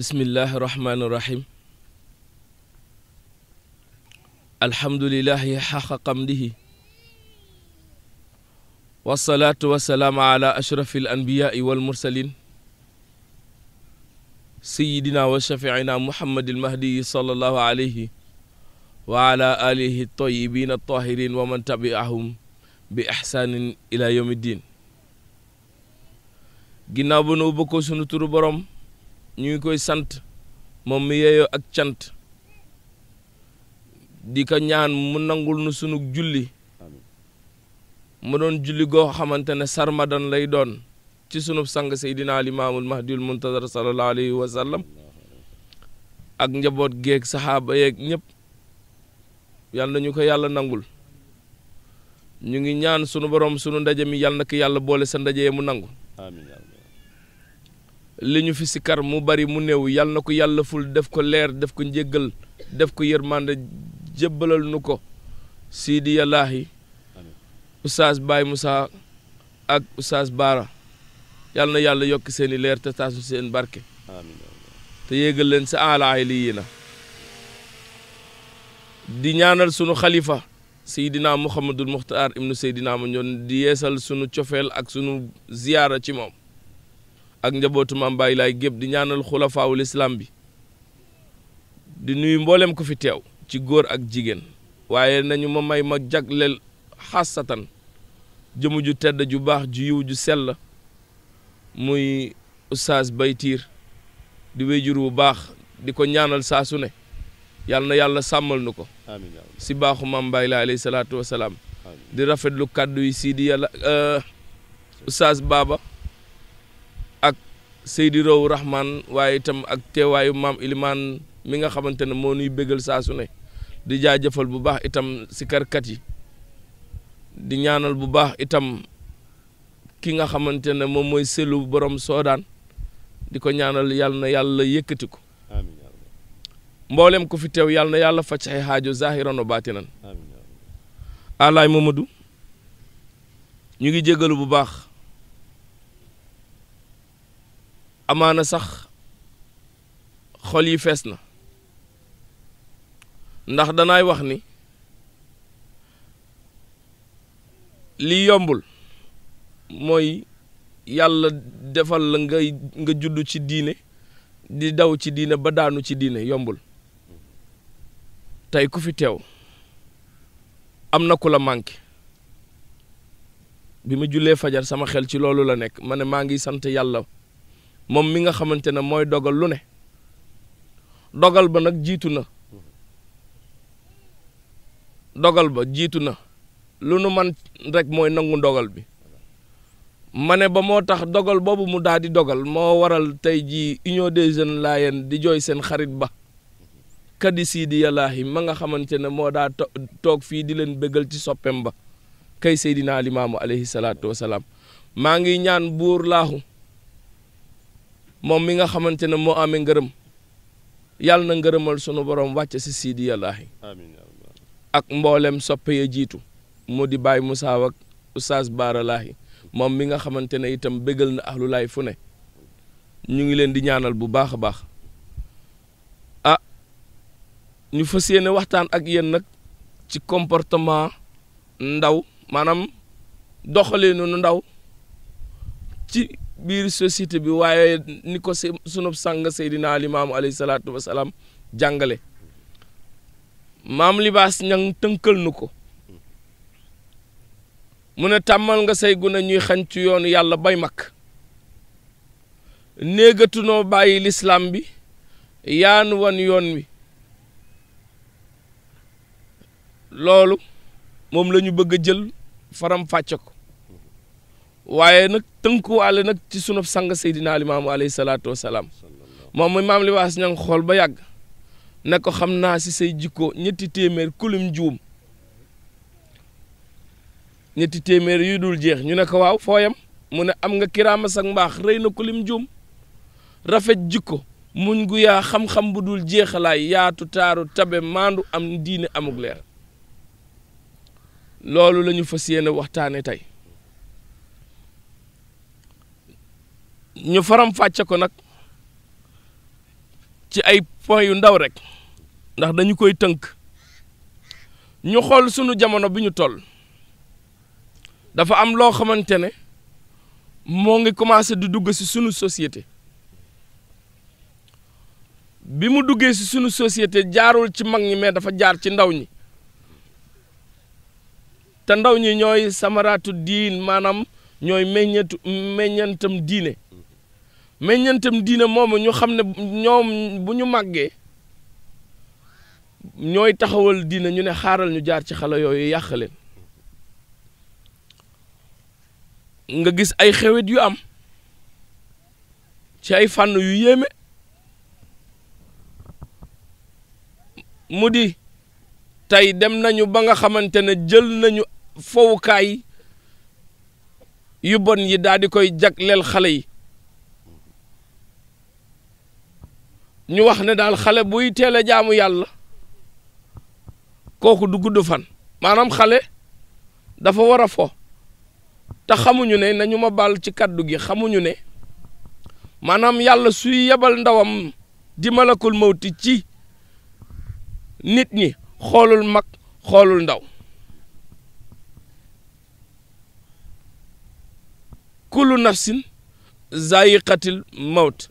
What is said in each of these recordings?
bismillahi rahmaani rahim alhamdulilahi xaqa qamdihi wasalaatu wasalaamu ala ashrafi al anbiyaai wal mursalin sayidina wa shafiina muhammadil mahdiyi salallahu alayhi wa ala alihi tayibiina tahirin wa man tabiahum bi ixsaanin ila yawmi ddin ginnaaw ba nu ubba ko sunu turu borom ñu ngi koy sant moom mi yeeyoo ak cant di ko ñaan mu nangul nu sunug julli mu doon julli goo xamante ne sarmadan lay doon ci sunub sang seydinaa limaamul mahdiyul muntazar sallallahu alayhi wa sallam ak njaboot geeg saxaaba yeeg ñëpp yàlla nañu ko yàlla nangul ñu ngi ñaan sunu borom sunu ndaje mi yàlla na ko yàlla boole sa ndaje mu nangu li ñu fi kar mu bari mu néew yàlla na ko yàlla ful def ko leer def ko njégal def ko yërmande jébbalal nu ko Sidi Yallaahi Oustaz Baye Moussa ak Oustaz Baara yàlla na yàlla yokk seeni i leer te taasu seen barke te yéegal leen sa alaay li yi di ñaanal sunu xalifa Seydina Mouhamadul Muxtaar ibnu Seydina ma ñoon di yeesal sunu cofeel ak sunu ziyaara ci moom ak njabootu maam Laay gépp di ñaanal xulafaawul islaam bi di nuyu mboolem ko fi teew ci góor ak jigéen waaye nañu ma may ma jagleel xasatan jëmu ju tedd ju baax ju yiw ju sell muy oustaz Baytiir di wéyjur wu baax di ko ñaanal saasu ne yàlla na yàlla sàmmal nu ko si baaxu maam Baay Laay alayhi salaatu wasalaam di rafetlu kàddu yi sii di yàlla euh, oustaz Baaba Seydi Row Rahman waaye itam ak teewaayu maam Ilimaan mi nga xamante ne moo nuy bégal saa su ne di jaajëfal bu baax itam sikarkat yi di ñaanal bu baax itam ki nga xamante ne moom mooy selu soo daan di ko ñaanal yàlla na yàlla yëkkati ko mboolem ko fi teew yàlla na yàlla faj ay xaajo zahiran wa baatinan alaay Mamadou ñu ngi jégalu bu baax amaana sax xol yi fees na ndax danaay wax ni lii yombul mooy yàlla defal la ngay nga judd ci diine di daw ci diine ba daanu ci diine yombul tey ku fi teew am na ku la manqué bi ma jullee fajar sama xel ci loolu la nekk ma ne maa ngi sant yàlla moom mi nga xamante ne mooy dogal lu ne dogal ba nag jiitu na dogal ba jiitu na lu nu man rek mooy nangu dogal bi ma ne ba moo tax dogal boobu mu daal di dogal moo waral tey jii union des jeunes Layène di jooy seen xarit ba kadi Sidi Yallaahi ma nga xamante ne moo daa toog fii di leen bëggal ci soppeem ba kay Seydina Limaamu alayhi salaatu wa salaam maa ngi ñaan buur laaxu moom mi nga xamante ne moo amee ngërëm yàlla na ngërëmal sunu borom wàcc si siidi yàllaahi ak mboolem soppe ya jiitu mu di Baye Moussa ak Oustaz Baara moom mi nga xamante ne itam béggal na ahlu fu ne ñu ngi leen di ñaanal bu baax a baax ah ñu fas yéene waxtaan ak yéen nag ci comportement ndaw maanaam doxalinu ndaw ci biir société bi waaye ni ko sunub sàng Seydina Limaamu alayhi salaatu wa salaam jàngale maam libaas ñang tënkal nu ko mu ne tàmmal nga say gune ñuy xañ ci yoonu yàlla bay mag néegatunoo bàyyi lislaam bi yaan wan yoon wi loolu moom lañu bëgg a jël faram ko waaye nag tënkuwaale nag ci sunub sang Seydina Limaamu alayhi salaatu wa salaam moom muy maam Libaas ña ngi xool ba yàgg ne ko xam naa si say jikko ñetti téeméer kulim juum ñetti téeméer yu dul jeex ñu ne ko waaw fooyam mu ne am nga kiraama sak mbaax rëy na kulim juum rafet jikko muñ gu yaa xam-xam bu dul jeexalaay yaatu taaru tabe maandu am diine amug leer loolu lañu ñu fas yéene waxtaane tey ñu faram fàcce ko nag ci ay point yu ndaw rek ndax dañu koy tënk ñu xool sunu jamono bi ñu toll dafa am loo xamante ne moo ngi commencé di dugg ci sunu société bi mu duggee ci sunu société jaarul ci mag ñi mais dafa jaar ci ndaw ñi te ndaw ñi ñooy samaraatu diin maanaam ñooy meññetu meññantam diine meññantam diina moomu ñu xam ne ñoom bu ñu màggee ñooy taxawal diine ñu ne xaaral ñu jaar ci xale yooyu yàq leen nga gis ay xewet yu am ci ay fànn yu yéeme mu di tey dem nañu ba nga xamante ne jël nañu fowukaay yu bon yi daal di koy jagleel xale yi ñu wax ne daal xale buy teel a jaamu yàlla kooku du gudd fan maanaam xale dafa war a fo te xamuñu ne nañu ma baal ci kàddu gi xamuñu ne maanaam yàlla suy yebal ndawam di malakul mawti ci nit ñi xoolul mag xoolul ndaw kullu nafsin zaayiqatil mawt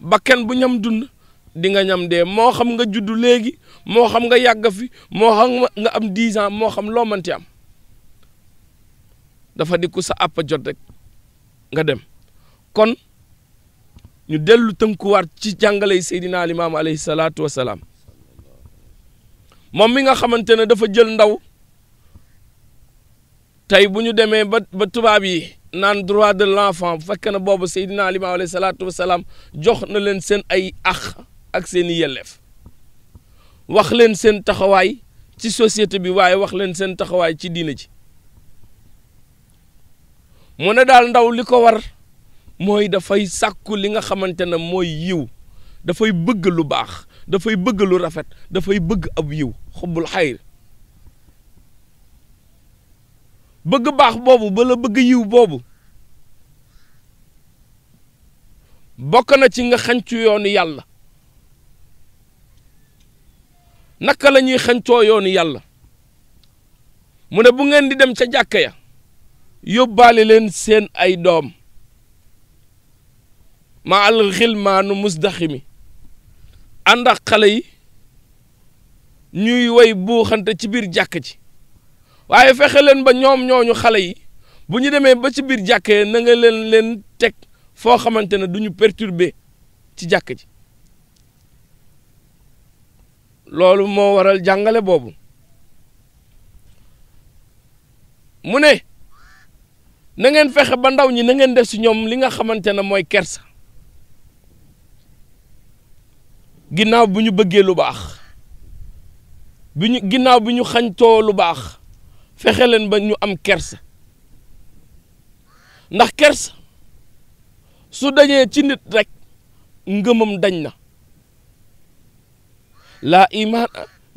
bakken bu ñam dund di nga ñam dee moo xam nga judd léegi moo xam nga yàgg fi moo xam nga am dix ans moo xam loo mënti am dafa di sa àpp jot rek nga dem kon ñu dellu tënkuwaat ci jàngale Seydina Limaamu alayhi salaatu wasalaam moom mi nga xamante ne dafa jël ndaw tey bu ñu demee ba ba tubaab yi naan droit de l'enfant bu fekkee ne boobu Seydina Limaamu alayhi salaatu wasalaam jox na leen seen ay ax ak seen yelleef wax leen seen taxawaay ci société bi waaye wax leen seen taxawaay ci diina ji mu ne daal ndaw li ko war mooy dafay sàkku li nga xamante ne mooy yiw dafay bëgg lu baax dafay bëgg lu rafet dafay bëgg ab yiw xubbul xayr bëgg baax boobu bala bëgg yiw boobu bokk na ci nga xañcu yoon yàlla naka la ñuy xañcoo yoonu yàlla mu ne bu ngeen di dem ca jàkk ya yóbbaale leen seen ay doom ma al xilmaanu musdaximi ànd ak xale yi ñuy woy buuxante ci biir jàkk ji waaye fexe leen ba ñoom ñooñu xale yi bu ñu demee ba ci biir jàkkee na nga leen leen teg foo xamante ne du ñu perturber ci jàkk ji loolu moo waral jàngale boobu mu ne na ngeen fexe ba ndaw ñi na ngeen def si ñoom li nga xamante ne mooy kersa ginnaaw bu ñu bëggee lu baax bu ñu ginnaaw bu ñu xañtoo lu baax fexe leen ba ñu am kersa ndax kers su dañee ci nit rekk ngëmam dañ na laa li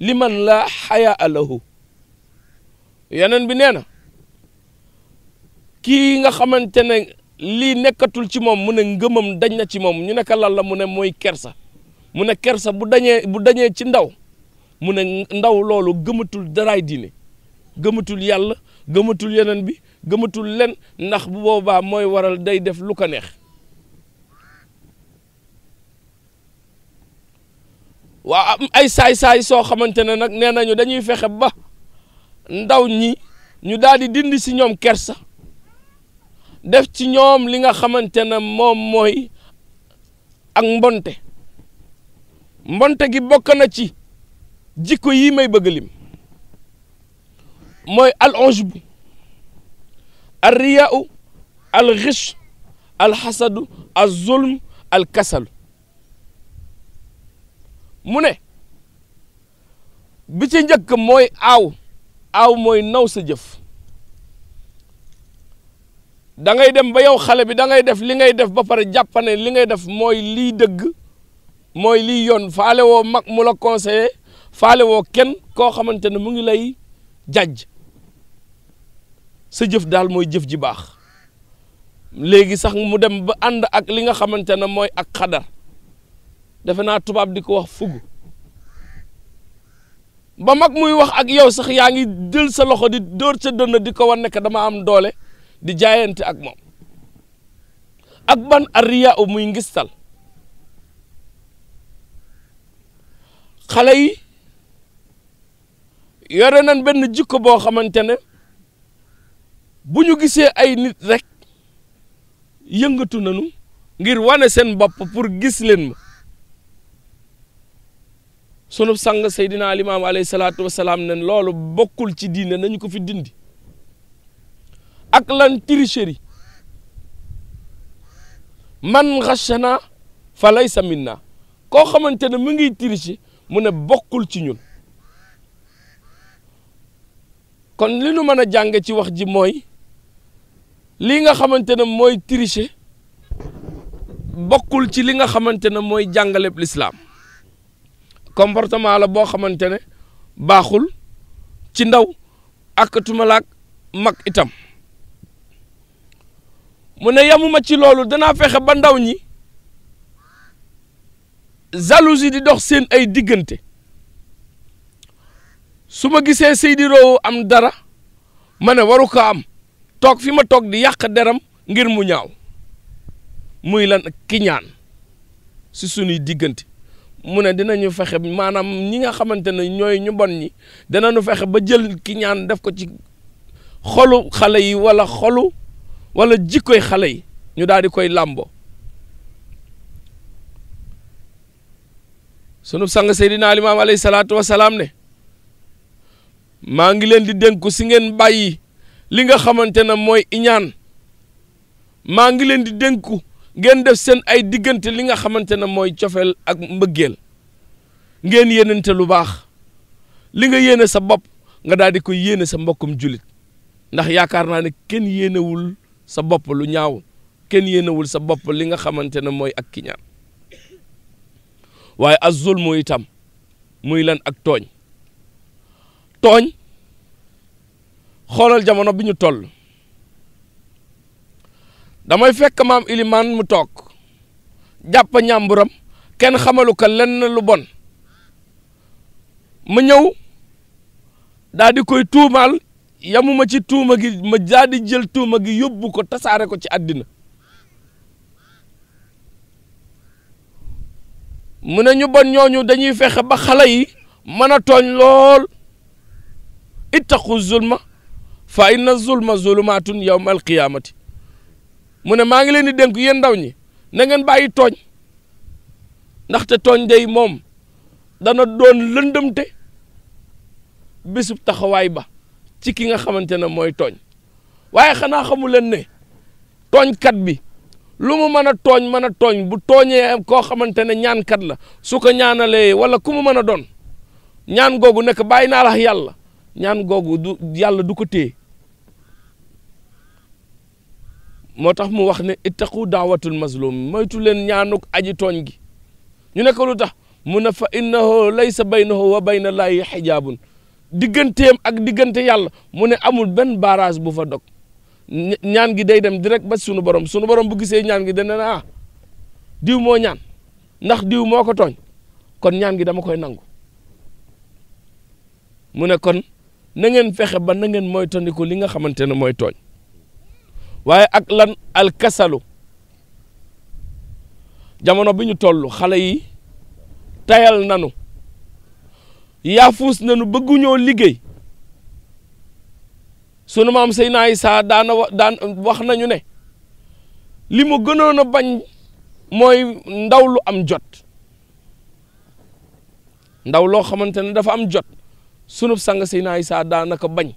liman laa xayaa lahu yeneen bi nee na kii nga xamante ne lii nekkatul ci moom mu ne ngëmam dañ na ci moom ñu nekk lan la mu ne mooy kersa mu ne kersa bu dañee bu dañee ci ndaw mu ne ndaw loolu gëmatul daray diine gëmatul yàlla gëmatul yeneen bi gëmatul len ndax bu boobaa mooy waral day def lu ko neex waaw am ay saay-saay soo xamante ne nag nee nañu dañuy fexe ba ndaw ñi ñu daal di dindi si ñoom kersa def ci ñoom li nga xamante ne moom mooy ak mbonte mbonte gi bokk na ci jikko yi may bëgg lim mooy al ujb al riyaau al xish alkasal mu ne bi ci njëkk mooy aaw aaw mooy naw sa jëf dangay dem ba yow xale bi dangay def li ngay def ba pare jàpp li ngay def mooy lii dëgg mooy lii yoon faale woo mag mu la conseillé faale woo kenn koo xamante ne mu ngi lay jàjj sa jëf daal mooy jëf ji baax léegi sax mu dem ba ànd ak li nga xamante ne mooy ak xadar defe naa tubaab di ko wax fugg ba mag muy wax ak yow sax yaa ngi jël sa loxo di dóor sa dënn di ko wan nekk dama am doole di jaayante ak moom ak ban arriya u muy ngistal xale yi yore nañ benn jikko boo xamante ne bu ñu gisee ay nit rekk yëngatu nañu ngir wane seen bopp pour gis leen ma sunu sang Seydina Alimaam alayhi salaatu wasalaam ne loolu bokkul ci diine nañu ko fi dindi ak lan tricherie man xachana fa laysa minna koo xamante ne mu ngi tricher mu ne bokkul ci ñun kon li nu mën a jànge ci wax ji mooy lii nga xamante ne mooy tricher bokkul ci li nga xamante ne mooy jàngale lislaam comportement la boo xamante ne baaxul ci ndaw ak tumalaak mag itam mu ne yamuma ci loolu danaa fexe ba ndaw ñi jalousie di dox seen ay diggante su ma gisee Seydi Rowo am dara ma ne waru ko am toog fi ma toog di yàq deram ngir mu ñaaw muy lan ki ñaan si sunuy diggante mu ne dina dinañu fexe maanaam ñi nga xamante ne ñooy ñu bon ñi dinañu fexe ba jël kiñaan def ko ci xolu xale yi walla xolu wala jikkoy xale yi ñu daal di koy làmboo sunu sang Seydina Alimaam alayhi salaatu wasalaam ne maa ngi leen di dénku si ngeen bàyyi li nga xamante ne mooy iñaan maa ngi leen di dénku ngeen def seen ay diggante li nga xamante ne mooy cofeel ak mbëggeel ngeen yenante lu baax li nga yéene sa bopp nga daal di koy yéene sa mbokkum jullit ndax yaakaar naa ne kenn yéenewul sa bopp lu ñaaw kenn yéenewul sa bopp li nga xamante ne mooy ak kiñaan waaye az zulmu itam muy lan ak tooñ tooñ xoolal jamono bi ñu toll damay fekk maam ilimaan mu toog jàpp ñàmburam kenn xamalu ko lenn lu bon ma ñëw daa koy tuumaal yamuma ci tuuma gi ma daa jël tuuma gi yóbbu ko tasaare ko ci àddina mu ne ñu bon ñooñu dañuy fexe ba xale yi mën a tooñ lool ittaqu zulma fa inna zulma zulumaatun yawma alqiyaamati mu ne maa ngi leen di dénk yéen ndaw ñi na ngeen bàyyi tooñ ndaxte tooñ day moom dana doon lëndëmte bésu taxawaay ba ci ki nga xamante ne mooy tooñ waaye xanaa xamu leen ne tooñkat bi lu mu mën a tooñ mën a tooñ bu tooñee koo xamante ne ñaankat la su ko ñaanalee wala ku mu mën a doon ñaan googu nekk bàyyi naa la yàlla ñaan googu du yàlla du ko téye moo tax mu wax ne ittaqu daawatul mazlum moytu leen ñaanuk aji tooñ gi ñu ne ko lu tax mu ne fa innahu laysa baynahu wa bayna laahi xijaabun digganteem ak diggante yàlla mu ne amul benn barrage bu fa dog ñaan gi day dem direct ba sunu borom sunu borom bu gisee ñaan gi dana ne ah diw moo ñaan ndax diw moo ko tooñ kon ñaan gi dama koy nangu mu ne kon na ngeen fexe ba na ngeen moytandiku li nga xamante ne mooy tooñ waaye ak lan alkasalu jamono bi ñu toll xale yi tayal nanu yaafuus nanu bëgguñoo liggéey sunu maam naay Isaa daana daan wax nañu ne li mu gënoon a bañ mooy ndaw lu am jot ndaw loo xamante ne dafa am jot sunub sang Seydina naay saa daanaka bañ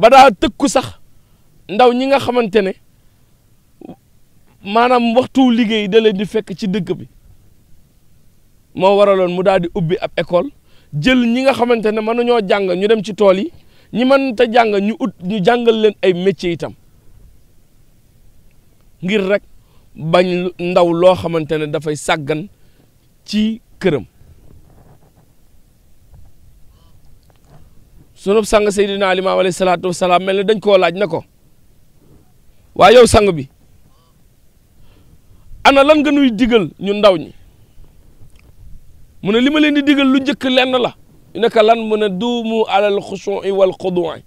ba daa tëkku sax ndaw ñi nga xamante ne maanaam waxtu liggéey da di fekk ci dëkk bi moo waraloon mu daal di ubbi ab école jël ñi nga xamante ne mënuñoo jàng ñu dem ci tool yi ñi mënta jàng ñu ut ñu jàngal leen ay métiers itam ngir rek bañ ndaw loo xamante ne dafay sàggan ci këram sunub sàng Seydina Limaamu alayhi salaatu wasalaam mel ne dañ koo laaj na ko waaye yow sang bi ana lan nga nuy digal ñu ndaw ñi mu ne li ma leen di digal lu njëkk lenn la naka lan mu ne duumu alal xushu'i wal xudu'i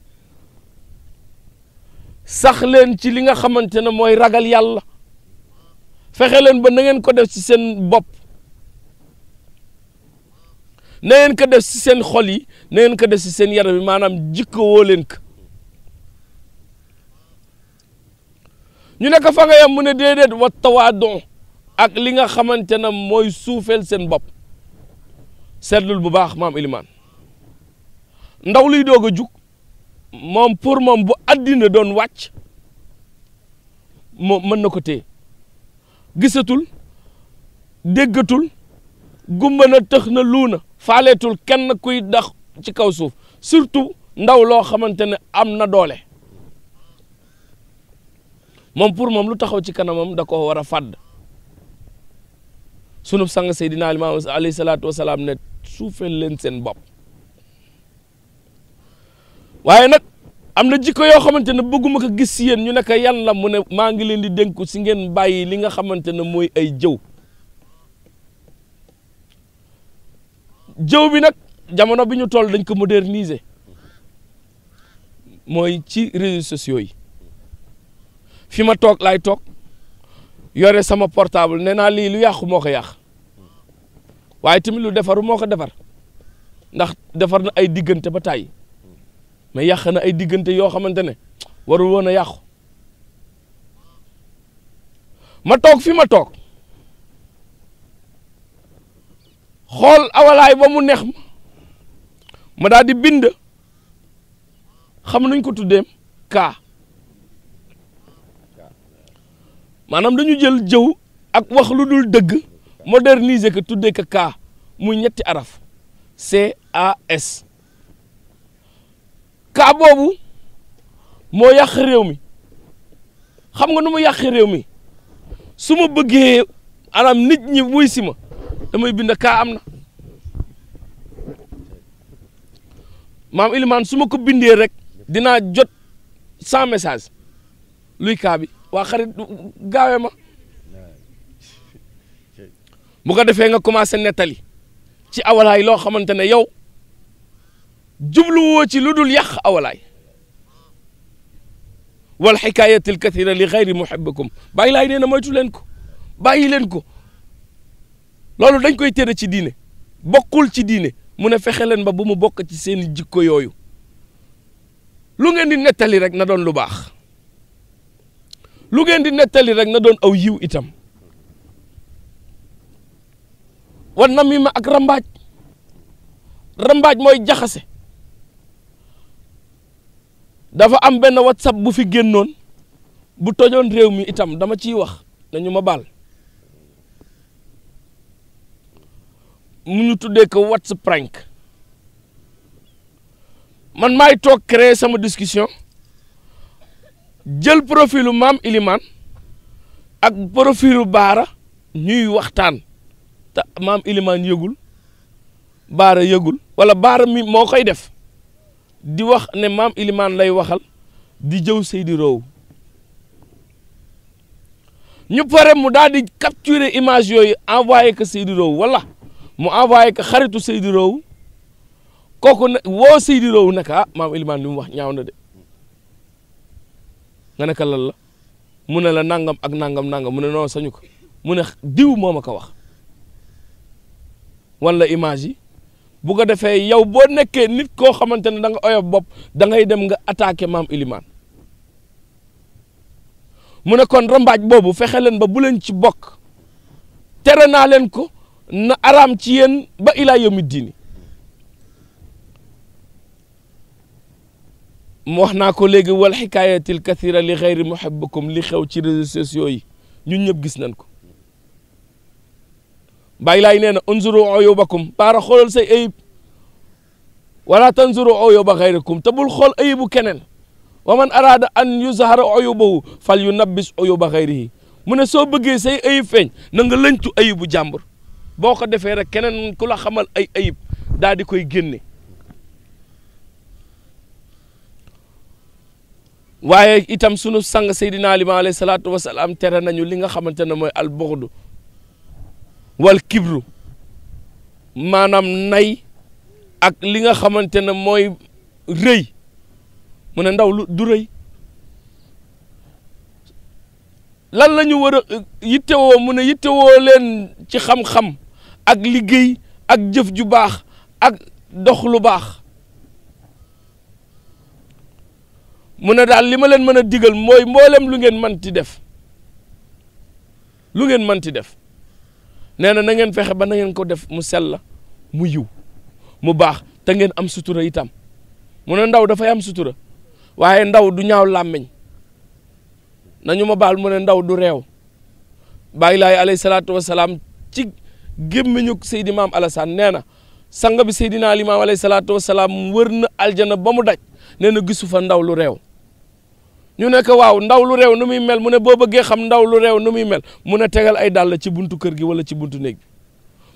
sax leen ci li nga xamante ne mooy ragal yàlla fexe leen ba nangeen ko def ci seen bopp na ngeen ko def ci seen xol yi nangeen ko def ci seen yaram yi maanaam jikko woo leen ko ñu ne ko fa na yem mu ne déedéet wa ak li nga xamante ne mooy suufeel seen bopp seetlul bu baax maam Ilimaan ndaw luy doog a jug moom pour moom bu àddina doon wàcc moom mën na ko téye gisatul déggatul gumba na tëx na luuna faaleetul kenn kuy dax ci kaw suuf surtout ndaw loo xamante ne am na doole moom pour moom lu taxaw ci kanamam da ko war a fàdd sunu sang Seydina Limaamu alayhi salaatu wasalaam ne suufeel leen seen bopp waaye nag am na jikko yoo xamante ne bëgguma ko gis si yéen ñu ne ko yan la mu ne maa ngi leen di dénku si ngeen bàyyi li nga xamante ne mooy ay jëw jëw bi nag jamono bi ñu toll dañ ko moderniser mooy ci réseaux sociaux yi fi ma toog laay toog yore sama portable nee naa lii lu yàqu moo ko yàq waaye tamit lu defaru moo ko defar ndax defar na ay diggante ba tàyyi mais yàq na ay diggante yoo xamante ne warul woon a yàqu ma toog fi ma toog xool awalaay ba mu neex ma ma daal di bind xam nuñ ko tuddeem kaa maanaam dañu jël jëw ak wax lu dul dëgg moderniser ko tuddee ko cas muy ñetti araf CAS cas boobu moo yàq réew mi xam nga nu mu yàq réew mi su ma bëggee anam nit ñi wuy si ma damay bind cas am na maam Ilimane su ma ko bindee rek dinaa jot cent message luy cas bi. waa xarit gaawe ma bu ko defee nga commencé nettali ci awalaay loo xamante ne yow jubluwoo ci lu dul yàq awalaay wal xikaayati l kathira li xayri muhibbikum bàyyi laay nee na moytu leen ko bàyyi leen ko loolu dañ koy tere ci diine bokkul ci diine mu ne fexe leen ba bu mu bokk ci seeni jikko yooyu lu ngeen di nettali rek na doon lu baax lu ngeen di nettali rek na doon aw yiw itam war na mi ma ak rambaaj rambaaj mooy jaxase dafa am benn whatsapp bu fi génnoon bu tojoon réew mi itam dama ciy wax nañu ma baal mu ñu tuddee ko whatsapp prank man maay toog créer sama discussion jël profilu maam ilimaan ak profilu baara ñuy waxtaan te maam ilimaan yëgul baara yëgul wala baara mi moo koy def di wax ne maam ilimaan lay waxal di jëw Seydi Roow ñu pare mu daal di capturer image yooyu envoyé ko Seydi Roow wala mu envoyé ko xaritu Seydi Roow kooku ne woo Seydi Roow naka ah maam ilimaan li mu wax ñaaw na de nga ne ko lan la mu ne la nangam ak nangam nangam mu ne non sañu ko mu ne diw moo ma ko wax wala image yi bu ko defee yow boo nekkee nit koo xamante ne da nga oyof bopp da ngay dem nga attaqué maam Ilimaan mu ne kon rambaaj boobu fexe leen ba bu leen ci bokk tere naa leen ko na araam ci yéen ba ilaa yawmi diini mu wax naa ko léegi wal xikaayatil kathira li xeyri muhibbakum li xew ci réseaux sociaux yi ñun ñëpp gis nañ ko bàyyi laay nee na unzuru uyubakum baara xoolal say ayib wala tanzuru uyuba xeyrikum te bul xool ayibu keneen wa man araada an yuzhara uyubahu fal yunabbis uyuba xeyrihi mu ne soo bëggee say ayib feeñ na nga ayibu jàmbur boo ko defee rek keneen ku la xamal ay ayib daal di koy génne waaye itam sunu sang Seydina Limaamu alayhi salaatu wa salaam tere nañu li nga xamante ne mooy albuxdu wal kibru maanaam nay ak li nga xamante ne mooy rëy mu ne ndaw lu du rëy lan la ñu war a uh, yittewoo mu ne yittewoo leen ci xam-xam ak liggéey ak jëf ju baax ak dox lu baax mu ne daal li ma leen mën a digal mooy mboolem lu ngeen mën ti def lu ngeen mën ti def nee na na ngeen fexe ba nangeen ngeen ko def mu sell mu yiw mu baax te ngeen am sutura itam mu ne ndaw dafay am sutura waaye ndaw du ñaaw làmmiñ nañu ma baal mu ne ndaw du reew bàyyi laay alayhi salaatu wasalaam ci gémmiñu seydi maam Alassane nee na sang bi seydina limaam alayhi salaatu wasalaam wër na aljana ba mu daj nee na gisu fa ndaw lu réew ñu nekk waaw ndaw lu réew nu muy mel mu ne boo bëggee xam ndaw lu réew nu muy mel mu ne tegal ay dàll ci buntu kër gi wala ci buntu néeg bi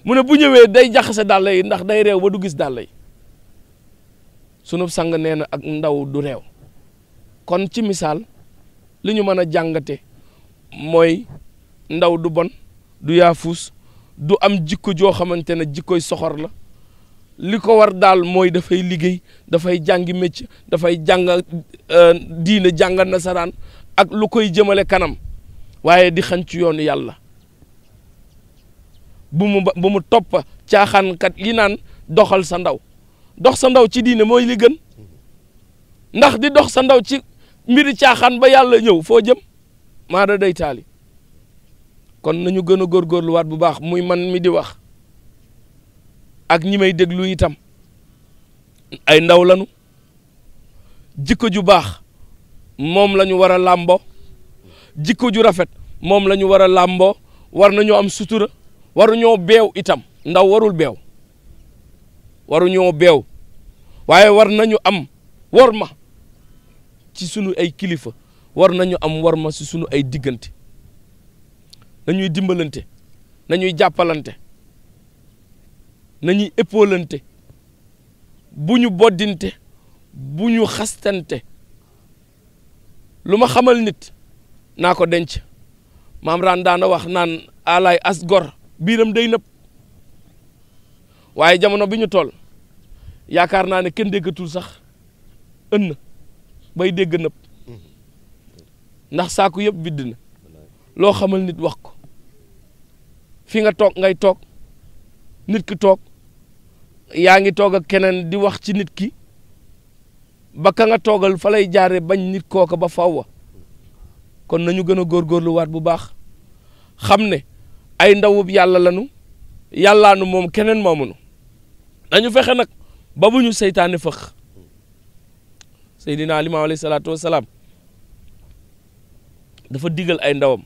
mu ne bu ñëwee day jaxase dàll yi ndax day reew ba du gis dàll yi sunu sang nee na ak ndaw du reew kon ci misaal li ñu mën a jàngate mooy ndaw du bon du yaafuus du am jikko joo xamante ne jikkoy soxor la li ko war daal mooy dafay liggéey dafay jàngi mécc dafay jàng euh, diine jàng nasaraan ak lu koy jëmale kanam waaye di xan ci yoonu yàlla bu mu bu mu topp caaxaankat yi naan doxal sa ndaw dox sa ndaw ci diine mooy li gën ndax di dox sa ndaw ci mbiri caaxaan ba yàlla ñëw foo jëm maa da day taali kon nañu gën a góorgóorluwaat bu baax muy man mi di wax ak ñi may déglu itam ay ndaw lañu jikko ju baax moom lañu war a làmbo jikko ju rafet moom lañu war a làmboo war nañoo am sutura waruñoo beew itam ndaw warul beew waruñoo beew waaye war nañu am worma ci sunu ay kilifa war nañu am worma ci sunu ay diggante nañuy dimbalante nañuy jàppalante nañuy épaulante bu ñu boddinte bu ñu xastante lu ma xamal nit naa ko denc maam raan daana wax naan alaay as gor biiram day nëpp waaye jamono bi ñu tol yaakaar naa ne kenn déggatul sax ënn bay dégg nëpp ndax saaku yëpp bidd na loo xamal nit wax ko fi nga toog ngay toog nit ki toog yaa ngi toog ak keneen di wax ci nit ki ba ka nga toogal fa lay jaare bañ nit kooka ba fawwa kon nañu gën a góorluwaat bu baax xam ne ay ndawub yàlla lanu yàllaanu moom keneen moomunu dañu fexe nag ba bu ñu seytaane fëx Seydina Limaamu alayhi salaatu wasalaam dafa digal ay ndawam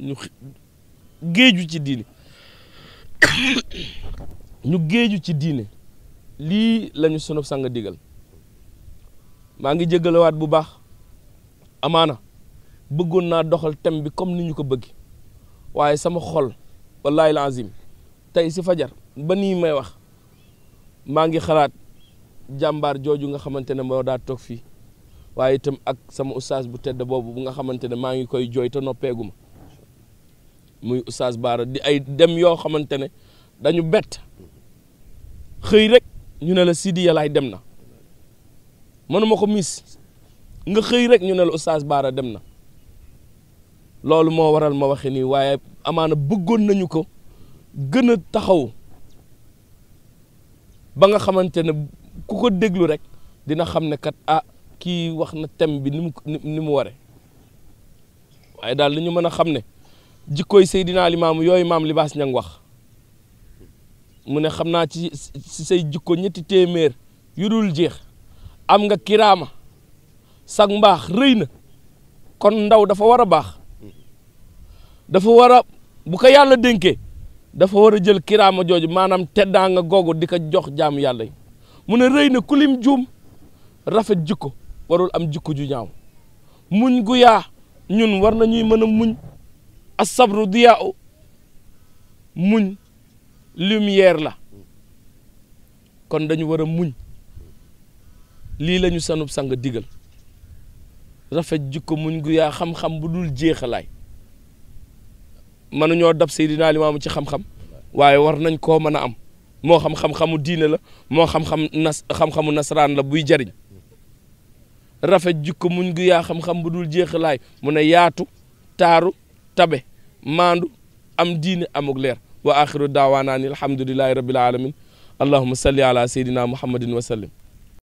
ñu géeju ci diini ñu géeju ci diine lii lañu sunu sang digal maa ngi jégalawaat bu baax amaana bëggoon naa doxal thème bi comme ni ñu ko bëgg waaye sama xol wallahi lazim tey si fajar ba nii may wax maa ngi xalaat jàmbaar jooju nga xamante ne moo daa toog fii waaye itam ak sama ustaas bu tedd boobu bu nga xamante ne maa ngi koy jooy te noppeeguma muy oustaz Baara di ay dem yoo xamante ne dañu bett xëy rek ñu ne la Sidi Yalaay dem na mënuma ko miis nga xëy rek ñu ne la oustaz Baara dem na loolu moo waral ma waxe nii waaye amaana bëggoon nañu ko gën a taxaw ba nga xamante ne ku ko déglu rek dina xam ne kat ah kii wax na thème bi ni mu ni mu ware waaye daal li ñu mën a xam ne jikkooy Seydina Limaamu yooyu maam Libaas Ñang wax mu ne xam naa ci ci say jikko ñetti téeméer yu dul jeex am nga kiraama sag mbaax rëy na kon ndaw dafa war a baax dafa war a bu ko yàlla dénkee dafa war a jël kiraama jooju maanaam teddaa nga googu di ko jox jaamu yàlla yi mu ne rëy na kulim juum rafet jikko warul am jikko ju ñaaw muñ gu ñun war nañuy mën a muñ asabru diyaa u muñ lumière la kon dañu war a muñ lii lañu ñu sanub sang digal rafet jikko muñ gu yaa xam-xam bu dul jeexalaay mënuñoo dab Seydina Limaamu ci xam-xam waaye war nañ koo mën a am moo xam xam-xamu diine la moo xam-xam nasaraan la buy jariñ rafet jikko muñ gu yaa xam-xam bu dul jeexalaay mu ne yaatu taaru tabe maandu am diine amuk leer wa axiru daawaanaa ni alhamdulilahi rabbil alamin allahuma salli ala seydina muhammadin wa sallim